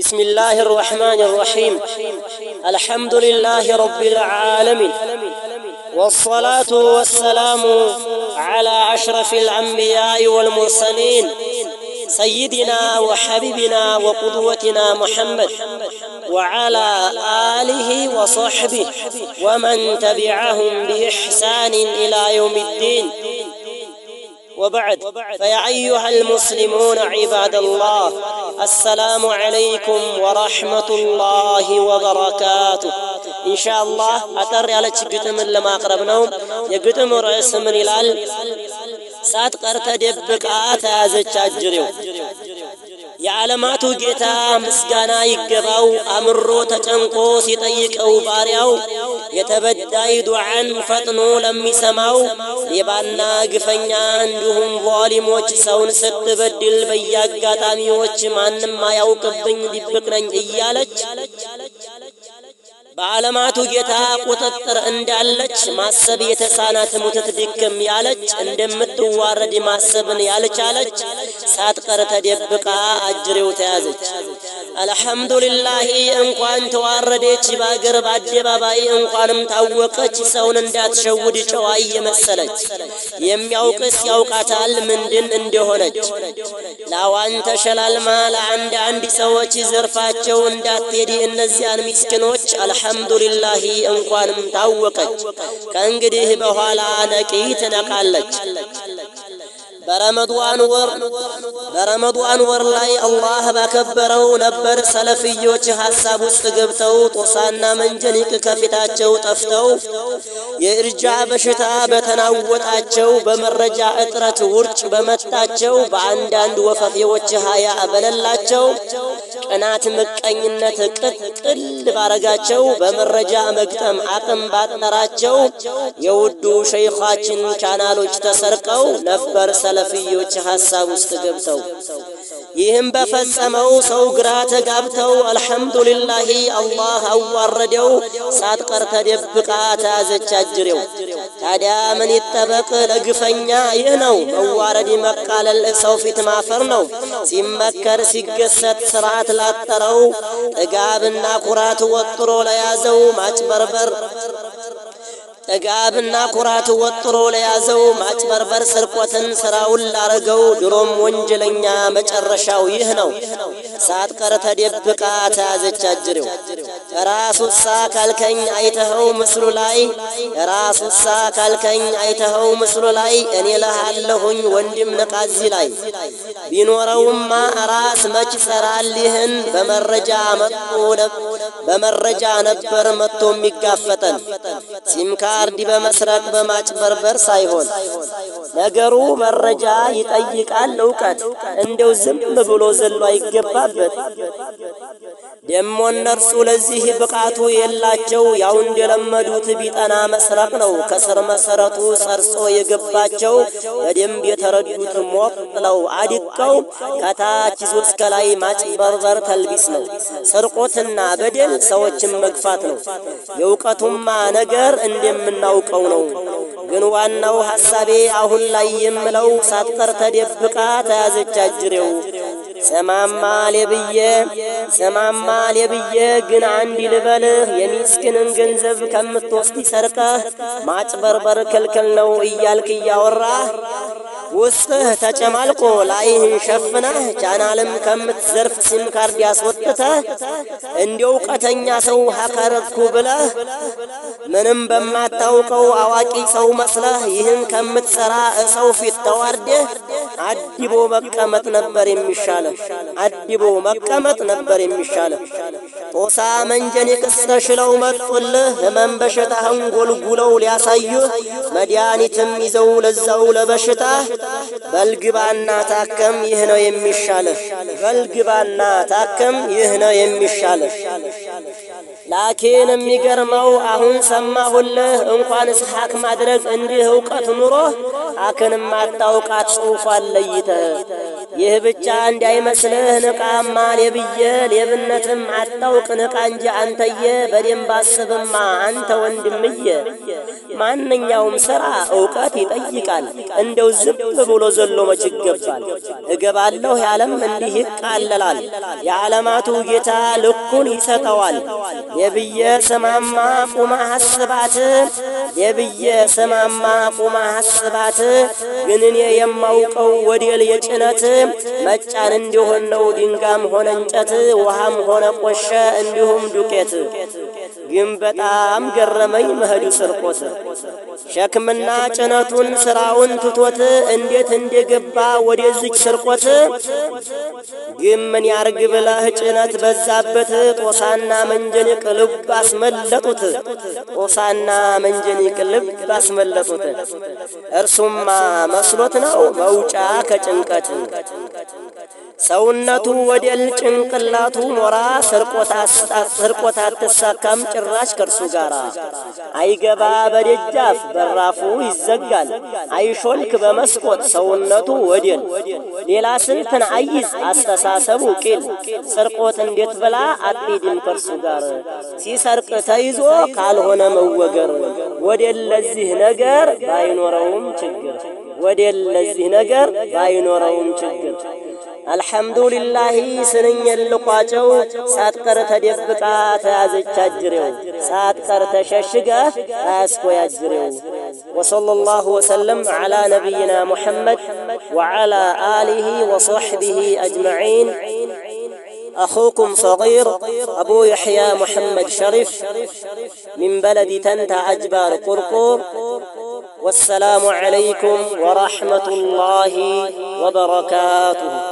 بسم الله الرحمن الرحيم الحمد لله رب العالمين والصلاة والسلام على أشرف الأنبياء والمرسلين سيدنا وحبيبنا وقدوتنا محمد وعلى آله وصحبه ومن تبعهم بإحسان إلى يوم الدين وبعد فيا أيها المسلمون عباد الله السلام عليكم ورحمة الله وبركاته إن شاء الله أتري على قتم لما قربناهم يقتم رئيس من الال سات قرت دبك آتا زجاجريو የዓለማቱ ጌታ ምስጋና ይገባው አምሮ ተጨንቆ ሲጠይቀው ባሪያው የተበዳይ ዱዓን ፈጥኖ ለሚሰማው ሌባና ግፈኛ እንዲሁም ዟሊሞች ሰውን ስትበድል በየአጋጣሚዎች ማንም አያውቅብኝ ድብቅ ነኝ እያለች በዓለማቱ ጌታ ቁጥጥር እንዳለች ማሰብ የተሳናት ሙትት ድክም ያለች እንደምትዋረድ ማሰብን ያልቻለች ሳትቀር ተደብቃ አጅሬው ተያዘች። አልሐምዱሊላሂ እንኳን ተዋረደች በአገር በአደባባይ እንኳንም ታወቀች። ሰውን እንዳትሸውድ ጨዋ እየመሰለች የሚያውቅስ ያውቃታል ምንድን እንደሆነች። ላዋን ተሸላልማ ለአንድ አንድ ሰዎች ዘርፋቸው እንዳትሄድ እነዚያን ምስኪኖች። አልሐምዱሊላሂ እንኳንም ታወቀች። ከእንግዲህ በኋላ ነቂ ትነቃለች። በረመድዋን ወር በረመዷን ወር ላይ አላህ ባከበረው ነበር ሰለፍዮች ሐሳብ ውስጥ ገብተው ጦሳና መንጀኒቅ ከፊታቸው ጠፍተው የእርጃ በሽታ በተናወጣቸው በመረጃ እጥረት ውርጭ በመታቸው በአንዳንድ ወፈፌዎች ሀያ በለላቸው ቅናት፣ ምቀኝነት ቅጥል ባረጋቸው በመረጃ መግጠም አቅም ባጠራቸው የውዱ ሸይኻችን ቻናሎች ተሰርቀው ነበር ሰለፍዮች ሀሳብ ውስጥ ገብተው ይህም በፈጸመው ሰው ግራ ተጋብተው አልሐምዱሊላሂ አላህ አዋረደው፣ ሳት ተደብቃ ተያዘች አጅሬው። ታዲያ ምን ይጠበቅ ለግፈኛ ይህ ነው መዋረድ፣ መቃለል፣ ሰው ፊት ማፈር ነው። ሲመከር ሲገሰት ስርዓት ላጠረው ጥጋብና ኩራት ወጥሮ ለያዘው ማጭበርበር ጥጋብና ኩራት ወጥሮ ለያዘው ማጭበርበር ስርቆትን ስራውን ላረገው ድሮም ወንጀለኛ መጨረሻው ይህ ነው። ሳትቀር ተደብቃ ተያዘች አጅሬው የራሱሳ ካልከኝ አይተኸው ምስሉ ላይ የራሱሳ ካልከኝ አይተኸው ምስሉ ላይ እኔ ለሃለሁኝ ወንድም ነቃዚ ላይ ቢኖረውማ ራስ መች ጸራሊህን በመረጃ መጥቶ በመረጃ ነበር መጥቶ የሚጋፈጠን ሲም ካርድ በመስረቅ በማጭበርበር ሳይሆን ነገሩ መረጃ ይጠይቃል እውቀት እንደው ዝም ብሎ ዘሎ አይገባበት ደሞ እነርሱ ለዚህ ብቃቱ የላቸው። ያው እንደለመዱት ቢጠና መስረቅ ነው። ከስር መሰረቱ ሰርጾ የገባቸው በደንብ የተረዱት ሞቅ ብለው አድቀው ከታች ይዞ እስከ ላይ ማጭበርበር ተልቢስ ነው። ስርቆትና በደል ሰዎችን መግፋት ነው። የእውቀቱማ ነገር እንደምናውቀው ነው። ግን ዋናው ሐሳቤ አሁን ላይ የምለው ሳትቀር ተደብቃ ተያዘች አጅሬው ጸማማሌ ብዬ ጸማማሌ ብዬ ግን አንድ ልበልህ የሚስክንን ገንዘብ ከምትወስድ ሰርቀህ ማጭበርበር ክልክል ነው እያልክ እያወራህ ውስጥህ ተጨማልቆ ላይህን ሸፍነህ ቻናልም ከምትዘርፍ ሲም ካርድ ያስወጥተህ እንደ እውቀተኛ ሰው ሀከረትኩ ብለህ ምንም በማታውቀው አዋቂ ሰው መስለህ ይህን ከምትሰራ እሰው ፊት ተዋርደህ አዲቦ መቀመጥ ነበር የሚሻለ። አዲቦ መቀመጥ ነበር የሚሻለ። قوسا من جنك استشلو مطل همان بشتا هنقول قولو سايو مدياني تميزو لزو لبشتا بل قبعنا تاكم يهنا يمشال بل قبعنا تاكم يهنا يمشال لكن امي قرمو اهون سماه الله انقوان اسحاك مدرس اندي هوقات نروه اكن ما اتاوقات صوفا ይህ ብቻ እንዳይመስልህ ንቃማ ሌብዬ ሌብነትም አታውቅ ንቃ እንጂ አንተየ በደንብ አስብማ አንተ ወንድምየ ማንኛውም ሥራ እውቀት ይጠይቃል እንደው ዝም ብሎ ዘሎ መች ይገባል እገባለሁ ያለም እንዲህ ይቃለላል የዓለማቱ ጌታ ልኩን ይሰጠዋል የብየ ስማማ ቁማ አስባት የብየ ሰማማ ቁማ ሐስባት ግን እኔ የማውቀው ወዴል የጭነት መጫን እንዲሆን ነው። ድንጋም ሆነ እንጨት፣ ውሃም ሆነ ቆሸ፣ እንዲሁም ዱቄት ግን በጣም ገረመኝ መሄዱ ስርቆት ሸክምና ጭነቱን ስራውን ትቶት እንዴት እንደገባ ወደዚች ስርቆት። ግን ምን ያርግ ብለህ ጭነት በዛበት ጦሳና መንጀን ቅልብ አስመለጡት፣ ጦሳና መንጀን ቅልብ አስመለጡት። እርሱማ መስሎት ነው መውጫ ከጭንቀት ሰውነቱ ወደል ጭንቅላቱ ሞራ ስርቆት አትሳካም ጭራሽ ከእርሱ ጋር አይገባ በደጃፍ በራፉ ይዘጋል አይሾልክ በመስኮት ሰውነቱ ወደል ሌላ ስንትን አይዝ አስተሳሰቡ ቂል ስርቆት እንዴት ብላ አትሂድም ከእርሱ ጋር ሲሰርቅ ተይዞ ካልሆነ መወገር ወደል ለዚህ ነገር ባይኖረውም ችግር ወደል ለዚህ ነገር ባይኖረውም ችግር الحمد لله አልሐምዱሊላሂ ስንኝልቋቸው ሳትቀር ተደብቃ ተያዘች አጅሬው ششقة أسكو አያስኮያጅሬው وصلى الله وسلم على نبينا محمد وعلى آله وصحبه أجمعين أخوكم صغير أبو يحيى محمد شريف من بلد تنتع أجبار قرقور والسلام عليكم ورحمة الله وبركاته